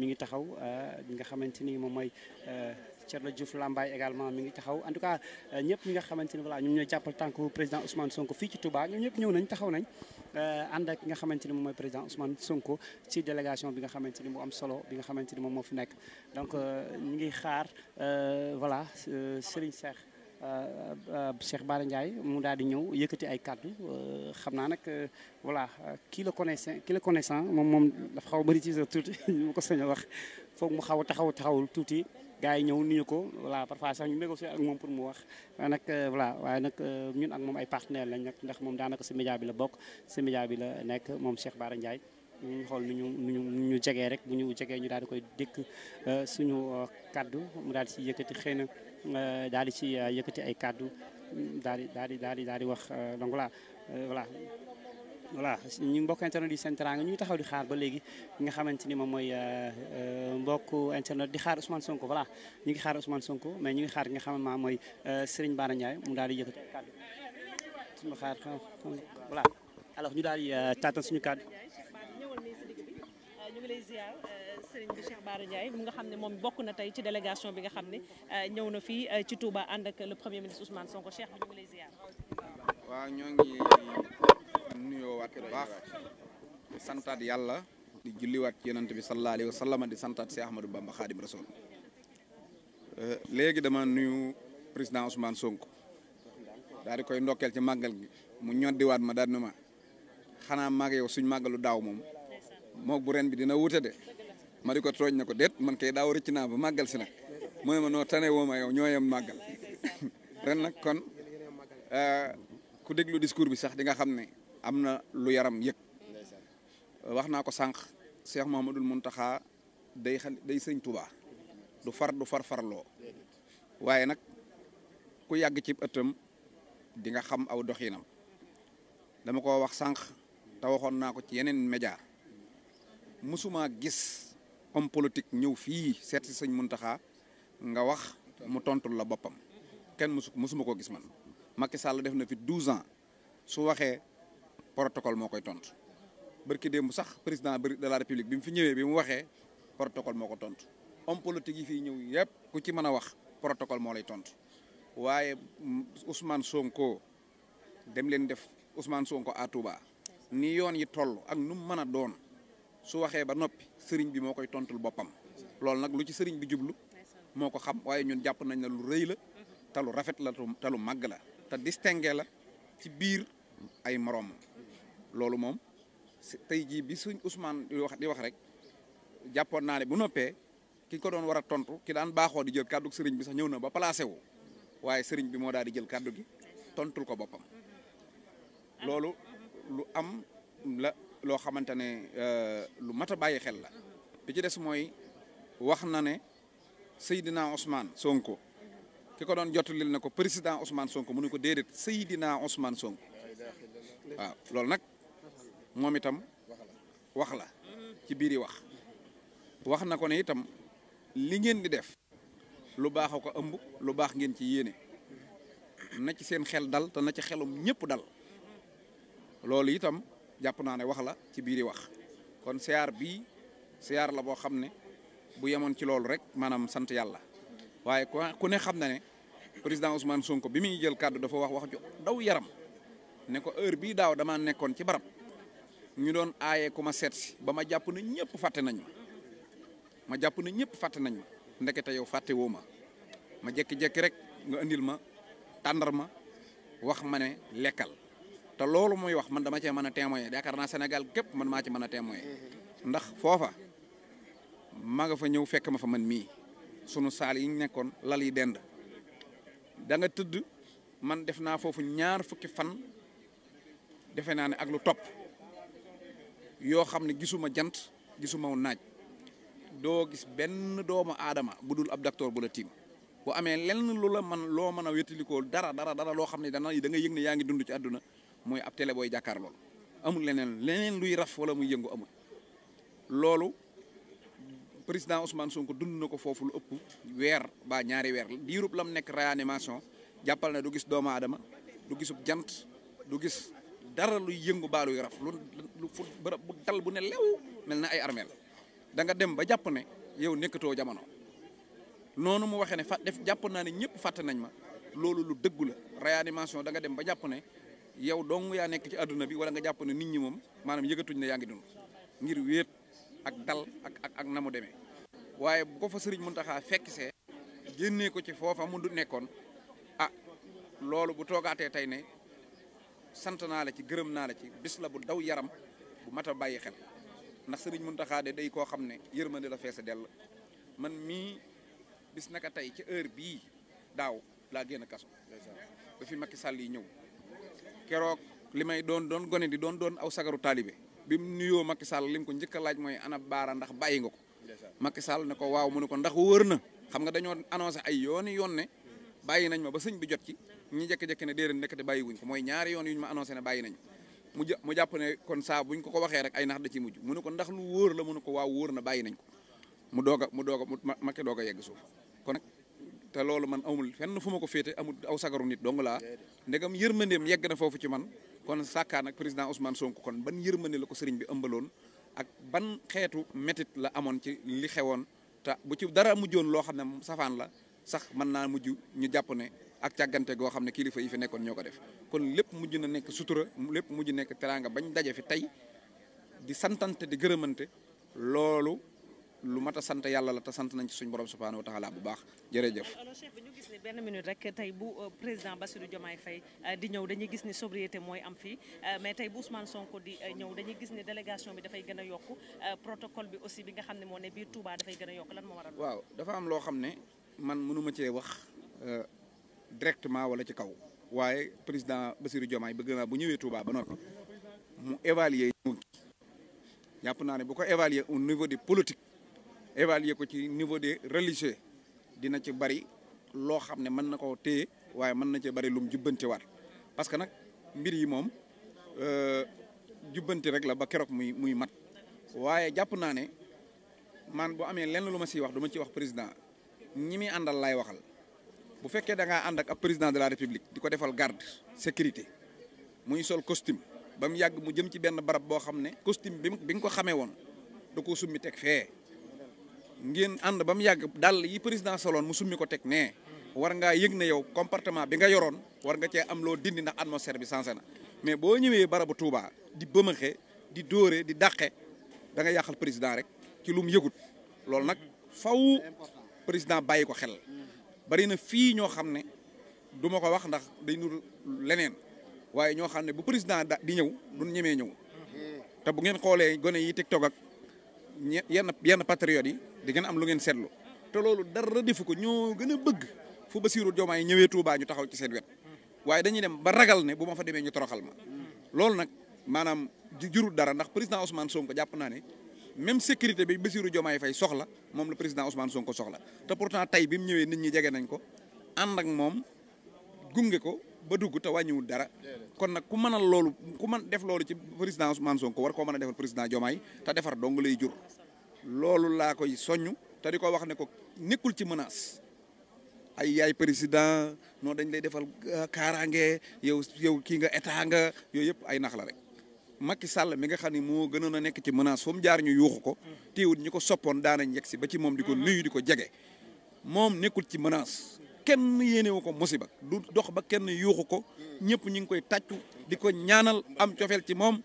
mi ngi taxaw euh, nga xamante ni moom mooy la euh, Diouf Lambaye également mi ngi taxaw en tout cas euh, ñëpp ñi nga xamante ni voilà ñoom ñooy jàppal tànku président Ousmane Sonko fii ci Touba ñoom ñëpp ñëw nañ taxaw nañ ànd ak ki nga xamante ni moom mooy président Ousmane Sonko ci délégation bi nga xamante ni mu am solo bi nga xamante ni moom moo fi nekk donc ñu ngi xaar voilà Serigne Cheikh Euh, euh, euh, Cheikh Bara Ndiaye mu daal di ñëw yëkkati ay kàddu xam naa nag voilà kii la connaissant kii la connaissant moom moom dafa xaw a bëri ci sa mu ko sañ a wax foog mu xaw taxaw taxawul tuuti gaa yi ñëw nuyu ko voilà parfois sax ñu négocier ak moom pour mu wax waaye nag voilà waaye nag ñun ak moom ay partenaire lañ nag ndax moom daanaka si média bi la bokk si média bi la nekk moom Cheikh Bara Ndiaye ñu xool nu ñu nu ñu ñu jegee rek mu ñu jegee ñu daal di koy dékk suñu kàddu mu daal di si yëkkati xëy na Euh, daal di ci euh, yëkkati ay kàddu daal di daal di daal di daal di wax euh, donc voilà voilà voilà ñu mbokk internet yi Sen Teranga ñu taxaw di xaar ba léegi nga xamante ni moom mooy mbokk internet di xaar Ousmane Sonko voilà ñu ngi xaar Ousmane Sonko mais ñu ngi xaar nga xam ne mooy Serigne Bara Ndiaye mu daal di yëkkati kàddu voilà alors ñu daal di taataan suñu kàddu. ñu euh, mu nga xam ne moom bokk na tey ci délégation bi nga xam ne euh, ñëw na fii euh, ci Touba ànd ak le premier ministre Ousmane Sonko Cheikh bi ñu ñoo ngi nuyoo waat bu santaat yàlla di julliwaat ci yonent bi sallallahu alayhi wa santaat Cheikh Ahmadou Bamba Khadim Rasoul léegi dama nuyu président Ousmane sonk daal koy ndokkeel ci màggal gi mu ñoddiwaat ma daal ma xanaa màgg yow suñ màggalu daaw moom. moog bu reen bi dina wuute de ma di ko tooñ na ko déet man kay daaw rëcc naa ba màggal si nag mu ne ma noo tane woo ma yow ñoo ren nag kon euh, ku déglu discours bi sax di nga xam ne am na lu yaram yëg wax naa ko sànq Cheikh Mouhamadoul dul day xal day sëñ Touba du far du far farloo waaye nag ku yàgg ci ëttam di nga xam aw doxinam dama ko wax sànq te waxoon naa ko ci yeneen média mësuma gis homme politique ñëw fii seet si sëñ Muntaxa nga wax mu tontul la boppam kenn mësu mësuma koo gis man Macky Sall def na fi 12 ans su waxee protocole moo koy tontu barki mu sax président de la république bi mu fi ñëwee bi mu waxee protocole moo ko tontu homme politique yi fii ñëw yëpp ku ci mën a wax protocole moo lay tontu waaye Ousmane Sonko dem leen def Ousmane Sonko à Touba ni yoon yi toll ak nu mu mën a doon. su waxee ba noppi sëriñ bi moo koy tontul boppam loolu nag lu ci sëriñ bi jublu moo ko xam waaye ñun jàpp nañ ne lu rëy la te lu rafet la te lu màgg la te distingué la ci biir ay moroom loolu moom tey jii bi suñ Ousmane di wax di wax rek jàppoon naa ne bu noppee ki ko doon war a tontu ki daan baaxoo di jël kàddu sëriñ bi sax ñëw na ba placé wu waaye sëriñ bi moo daal di jël kàddu gi tontul ko boppam loolu lu am la loo xamante ne euh, lu mat a bàyyi xel la bi ci des mooy wax na ne Seydina Ousmane Sonko ki ko doon jotalil ne ko président Ousmane Sonko mu ne ko déedéet Seydina Ousmane Sonko waaw loolu nag moom itam wax la ci biir yi wax wax na ko ne itam li ngeen di def lu baaxa ko ëmb lu baax ngeen ci yéene na ci seen xel dal te na ci xelum ñëpp dal loolu itam jàpp naa ne wax la ci biiri wax kon siyaar bii siyaar la boo xam ne bu yemoon ci loolu rek maanaam sant yàlla waaye ku ne xam na ne président Ousmane Sonko bi muy jël kàddu dafa wax wax ju daw yaram ne ko heure bi daaw dama nekkoon ci barab ñu doon aaye ku ma seet si ba ma jàpp ne ñëpp fàtte nañ ma ma jàpp ne ñëpp fàtte nañ ndekete yow fàtte woo ma ma jékki-jékki rek nga indil ma tàndar ma wax ma ne lekkal te loolu muy wax man dama cee mën a témoigner yaakaar naa Sénégal képp man ma ci mën a témoigner ndax foofa ma fa ñëw fekk ma fa man mii sunu saal yi ñu nekkoon lal yi dend danga tëdd man def naa foofu ñaar fukki fan defe naa ne ak lu topp yoo xam ne gisuma jant gisuma wu naaj doo gis benn doomu aadama bu dul ab docteur bu la tiim bu amee lenn lu la man loo mën a wétalikoo dara dara dara loo xam ne dana yi danga yëg ne yaa ngi dund ci àdduna mooy ab télé booy jàkkaar loolu amul leneen leneen luy raf wala muy yëngu amul loolu président Ousmane Sonko dund na ko foofu lu ëpp weer ba ñaari weer la lam nekk réanimation jàppal na du gis doomu adama du gisub jant du gis dara lu yëngu baa luy raf lu lu bu dal bu ne lew mel na ay armeel da nga dem ba jàpp ne yow nekkatoo jamono noonu mu waxee ne fa def jàpp naa ne ñëpp fàtte nañ ma loolu lu dëggu la réanimation da nga dem ba jàpp ne yow dong yaa nekk ci àdduna bi wala nga jàpp ne nit ñi moom maanaam yëgatuñ ne yaa ngi dund ngir wéet ak dal ak ak demee waaye bu ko fa sëriñ Muntaxa fekk see génnee ko ci foofa mu du nekkoon a ah, loolu bu toogaatee tey ne sant naa la ci gërëm naa la ci bis la bu daw yaram bu mat a bàyyi xel ndax sëriñ Muntaxa de day koo xam ne yërmande la feesa dell man mii bis naka tey ci heure bii daaw laa génn kaso ba fi Macky Sall yi ñëw keroog li may doon doon gone di doon doon aw sagaru taalibe bi mu nuyoo Macky Sall li mu ko njëkk a laaj mooy ana baara ndax bàyyi nga ko. Macky Sall ne ko waaw mu ne ko ndax wër na xam nga dañoo annoncé ay yooni yoon ne bàyyi nañ ma ba sëñ bi jot ci ñi jékki-jékki ne déedéet te bàyyi wuñ ko mooy ñaari yoon yu ñu ma annoncé ne bàyyi nañ mu mu jàpp ne kon saa buñ ko ko waxee rek ay nax da ciy mujj mu ne ko ndax lu wóor la mu ne ko waaw wóor na bàyyi nañ ko mu doog a mu doog a Macky doog a yegg suuf te loolu man amul fenn fu ma ko féete amul aw sagaru nit dong laa ndegam yërmandeem yegg na foofu ci man kon sàkkaan ak président Ousmane sonk kon ban yërmande la ko sëriñ bi ëmbaloon ak ban xeetu métit la amoon ci li xewoon te bu ci dara mujjoon loo xam ne safaan la sax mën naa mujj ñu jàpp ne ak càggante goo xam ne kilifa yi fi nekkoon ñoo ko def kon lépp mujj na nekk sutura lépp mujj nekk teraanga bañ daje fi tey di santante di gërëmante loolu lu mat a sant yàlla la te sant nañ ci suñu borom subhaanahu wa taala bu baax jërëjëf. alors chef bi ñu gis ne benn minute rek tey bu euh, président Bassirou Diomaye euh, di ñëw dañuy gis ni sobriété mooy am fii euh, mais tey bu Ousmane Sonko di ñëw dañuy gis ne délégation bi dafay gën a yokku protocole bi aussi bi nga xam ne moo ne biir Touba dafay gën a yokk lan moo waral. waaw am loo xam ne man mënuma cee wax directement wala ci kaw waaye président Bassirou Diomaye bëgg naa bu ñëwee Touba ba noppi mu évaluer. jàpp naa ne boo ko évaluer au niveau du politique évaluer ko ci niveau de religieux dina ci bari loo xam ne mën na ko téye waaye mën na ci bari lum jubbanti war parce que nag mbir yi moom euh, jubbanti rek la ba keroog muy muy mat waaye jàpp naa ne man bu amee lenn lu ma siy wax du ma ciy wax président ñi muy àndal laay waxal bu fekkee da ngaa ànd ak ab président de la république di ko defal garde sécurité muy sol costume ba mu yàgg mu jëm ci benn barab boo xam ne costume bi bi nga ko xamee woon da ko summi teg fee ngeen ànd ba mu yàgg dàll yi président soloon mu summi ko teg nee war ngaa yëg ne yow comportement bi nga yoroon war nga cee am loo dindi ndax atmosphère bi sensé na mais boo ñëwee bu Touba di bëmaxe di dóore di daqe da nga yàqal président rek ci lu mu yëgut loolu nag faw président bàyyi ko xel bari na fii ñoo xam ne duma ko wax ndax day nur leneen waaye ñoo xam ne bu président di ñëw du ñemee ñëw te bu ngeen xoolee gone yi TikTok ak yenn yenn patriotes yi di ngeen am lu ngeen seetlu te loolu dara defu ko ñoo gën a bëgg fu Bassirou yi ñëwee baa ñu taxaw ci seen wet waaye dañuy dem ba ragal ne bu ma fa demee ñu toroxal ma loolu nag maanaam jurul dara ndax président Ousmane sonk jàpp naa ne même sécurité bi Bassirou Diomaye Faye soxla moom la président Ousmane Sonko soxla te pourtant tey bi mu ñëwee nit ñi jege nañ ko ànd ak moom gunge ko ba dugg te wàññiwul dara kon nag ku mënal loolu ku man def loolu ci président Ousmane Sonko war koo mën a defal président Diomaye te defar dong lay jur loolu laa koy soññ te di ko wax ne ko nekkul ci menace ay yaay président non dañ lay defal euh, kaaraange yow yow kii nga état nga yooyu yëpp ay nax la rek Sall mi nga xam ne moo gënoon a nekk ci menace fu mu jaar ñu yuuxu ko téewut ñi ko soppoon daanañ yegg si ba ci moom di ko nuyu di ko jege moom nekkul ci menace kenn yéenewu ko musiba du dox ba kenn yuuxu ko ñëpp ñu ngi koy tàccu di ko ñaanal am cofeel ci moom